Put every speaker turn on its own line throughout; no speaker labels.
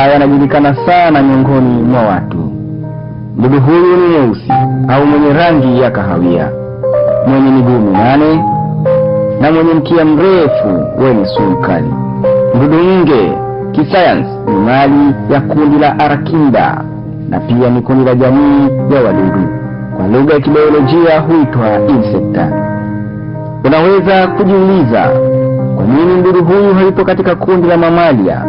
ambaye anajulikana sana miongoni mwa watu. Ndugu huyu ni nyeusi au mwenye rangi ya kahawia, mwenye miguu minane na mwenye mkia mrefu wenye sumu kali. Mdudu nge kisayansi ni mali ya kundi la arakinda na pia ni kundi la jamii ya wadudu. Kwa lugha ya kibiolojia huitwa insekta. Unaweza kujiuliza kwa nini mdudu huyu hayupo katika kundi la mamalia?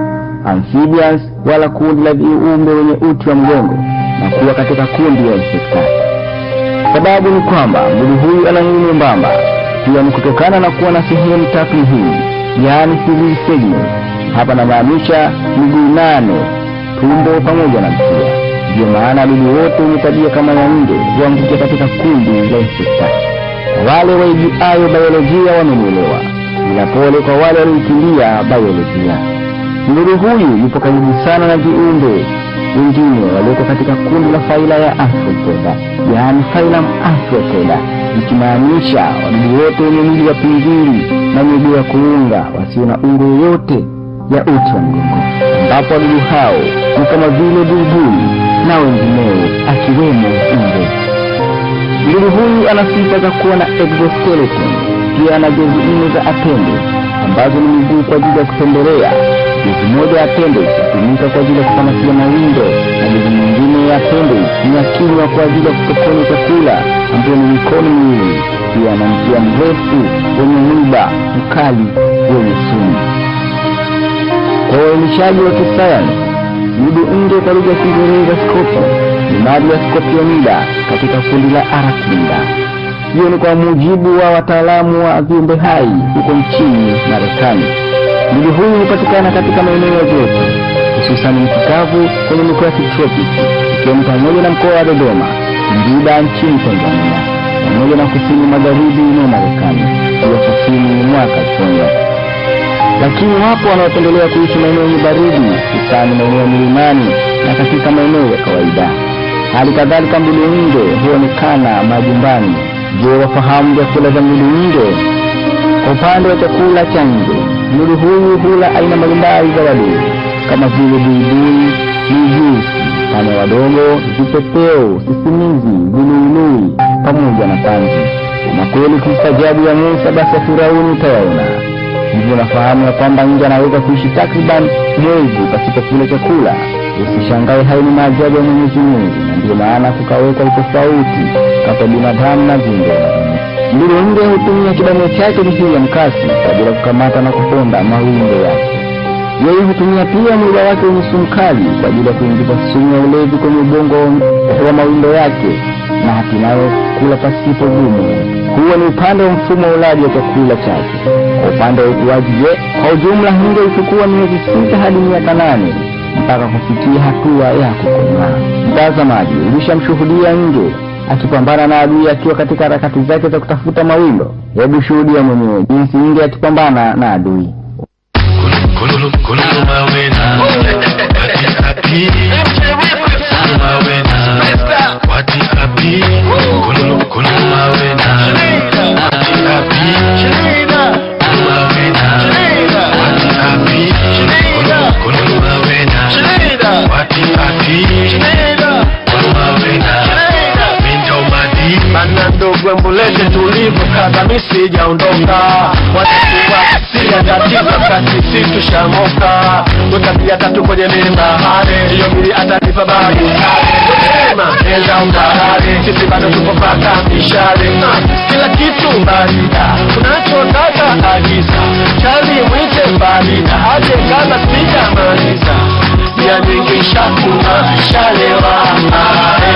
amphibians wala kundi la viumbe wenye uti wa mgongo na kuwa katika kundi ya insektasi. Sababu ni kwamba mdudu huyu ana mwili mwembamba, pia ni kutokana na kuwa na sehemu tatu muhimu, yaani sivili segini. Hapa namaanisha miguu nane, tumbo pamoja na mkia. Ndiyo maana dudu wote wenye tabia kama ya nge huangukia katika kundi la insekta. Wale waijuayo biolojia wamenielewa, ila pole kwa wale walioikimbia biolojia. Nuru huyu yupo karibu sana na viumbe wengine walioko katika kundi la faila ya arthropoda, yaani phylum Arthropoda, ikimaanisha wadudu wote wenye mwili wa pingili na miguu ya kuunga wasio na ungo yoyote ya uti wa mgongo, ambapo wadudu hao ni kama vile bulbuli na wengineo akiwemo mbe. Nuru huyu ana sifa za kuwa na exoskeleton, pia ana jozi nne za apende ambazo ni miguu kwa ajili ya kutembelea Mtu moja ya pembe hutumika kwa ajili ya kufamasia mawindo na mtu nyingine ya Cambridge ni ya kwa ajili ya kupokonya chakula ambayo ni mikono miwili. Pia na mkia mrefu wenye mwiba mkali wenye sumu. Kwa uainishaji wa kisayansi, mdu nge kwa lugha ya Kiingereza skopi ni mali ya mida katika kundi la arakinda. Hiyo ni kwa mujibu wa wataalamu wa viumbe hai huko nchini Marekani. Mwili huu hupatikana katika maeneo ya joto, hususani nchi kwenye mikoa ya kitropiki, ikiwa ni pamoja na mkoa wa Dodoma, Singida nchini Tanzania, pamoja na kusini magharibi na Marekani kusini mwa California. Lakini wapo wanaopendelea kuishi maeneo yenye baridi, hususani maeneo ya milimani na katika maeneo ya kawaida. Hali kadhalika, nje huonekana majumbani. Je, wafahamu vyakula vya nje? Kwa upande wa chakula cha nje, nduru huyu hula aina mbalimbali za wadudu kama vile buibui, mijusi, panya wadogo, vipepeo, sisimizi, viluilui pamoja na panzi. Na kweli kustajabu ya Musa, basi ya Firauni utayaona. Hivyo nafahamu ya kwamba nje anaweza kuishi takriban mwezi pasipo kula chakula. Usishangae, hayo ni maajabu ya Mwenyezi Mungu, na ndiyo maana kukawekwa utofauti kati ya binadamu na viumbe nge hutumia kidole chake juu ya mkasi kwa ajili ya kukamata na kuponda mawindo yake. Yeye hutumia pia mwili wake wenye sumu kali kwa ajili ya kuingiza sumu ya ulevi kwenye ubongo wa mawindo yake na hatimaye kula pasipo gumu. Huo ni upande wa mfumo wa ulaji wa chakula chake. Kwa upande wa ukuaji, je, kwa ujumla hinge huchukua miezi sita hadi miaka nane mpaka kufikia hatua ya kukomaa. Mtazamaji, ulishamshuhudia nge akipambana na adui akiwa katika harakati zake za kutafuta mawindo. Hebu shuhudia mwenyewe jinsi India akipambana na adui. Nje tulivu kadha mi sijaondoka, wanatuwasia tatizo kati si tushamoka, tatu kwenye mimba hale iyo mili atalipa bali ema enda utarare, sisi bado tuko mishale, kila kitu barida, unachotaka agiza, chali mwite barida, aje kama sijamaliza, sija nyingi shakuna shalewa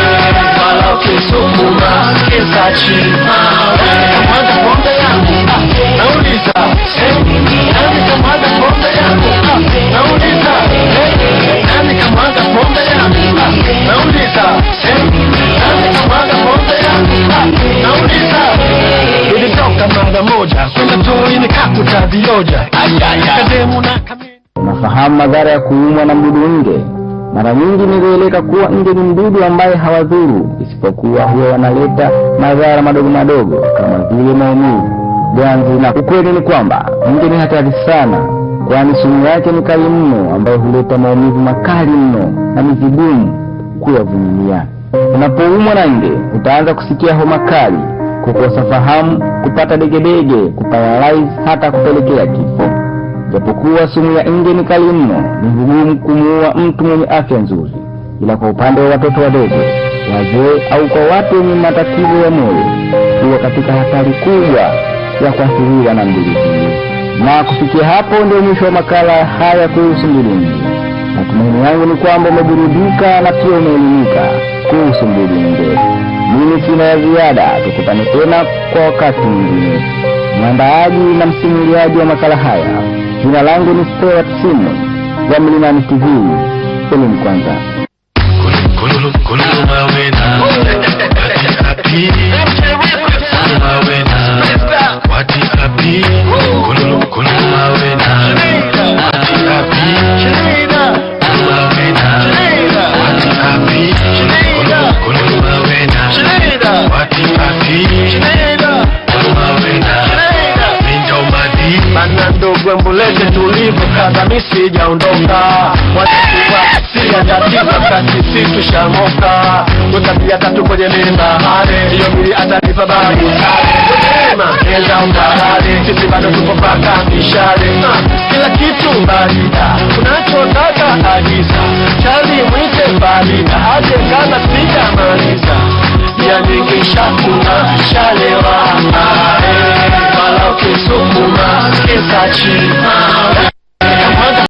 vioja Unafahamu madhara ya kuumwa na mdudu nge? Mara nyingi imezoeleka kuwa nge ni mdudu ambaye hawadhuru, isipokuwa huwa wanaleta madhara madogo madogo kama vile maumivu, ganzi. Na ukweli ni kwamba nge ni hatari sana kwani sumu yake ni kali mno, ambayo huleta maumivu makali mno na ni vigumu kuyavumilia. Unapoumwa na nge, utaanza kusikia homa kali kukosa fahamu, kupata degedege, kuparalyze, hata kupelekea kifo. Japokuwa sumu ya nge ni kali mno, ni vigumu kumuua mtu mwenye afya nzuri, ila kwa upande wa watoto wadogo, wazee au kwa watu wenye matatizo ya moyo, huwa katika hatari kubwa ya kuathiriwa na mbilizi. Na kufikia hapo ndio mwisho wa makala haya kuhusu nji Matumaini yangu ni kwamba umeburudika na pia umeelimika kuhusu mbilizi. Nini sina ya ziada, tukutane tena kwa wakati mwingine. Mwandaaji na msimuliaji wa makala haya, jina langu ni Stuart Simon wa Mlimani TV. Elimu kwanza misi si ya jati wakati sisi tusha Kuta pia tatu kwenye mimba, Iyo mili ata atanipa bali eza mbarare, sisi bado tuko paka mishale, kila kitu mbalida, unachotaka agiza, chali mwite mbalida, aje kana sijamaliza, yanikishakuna shalewa, mara kisukuma kisa chini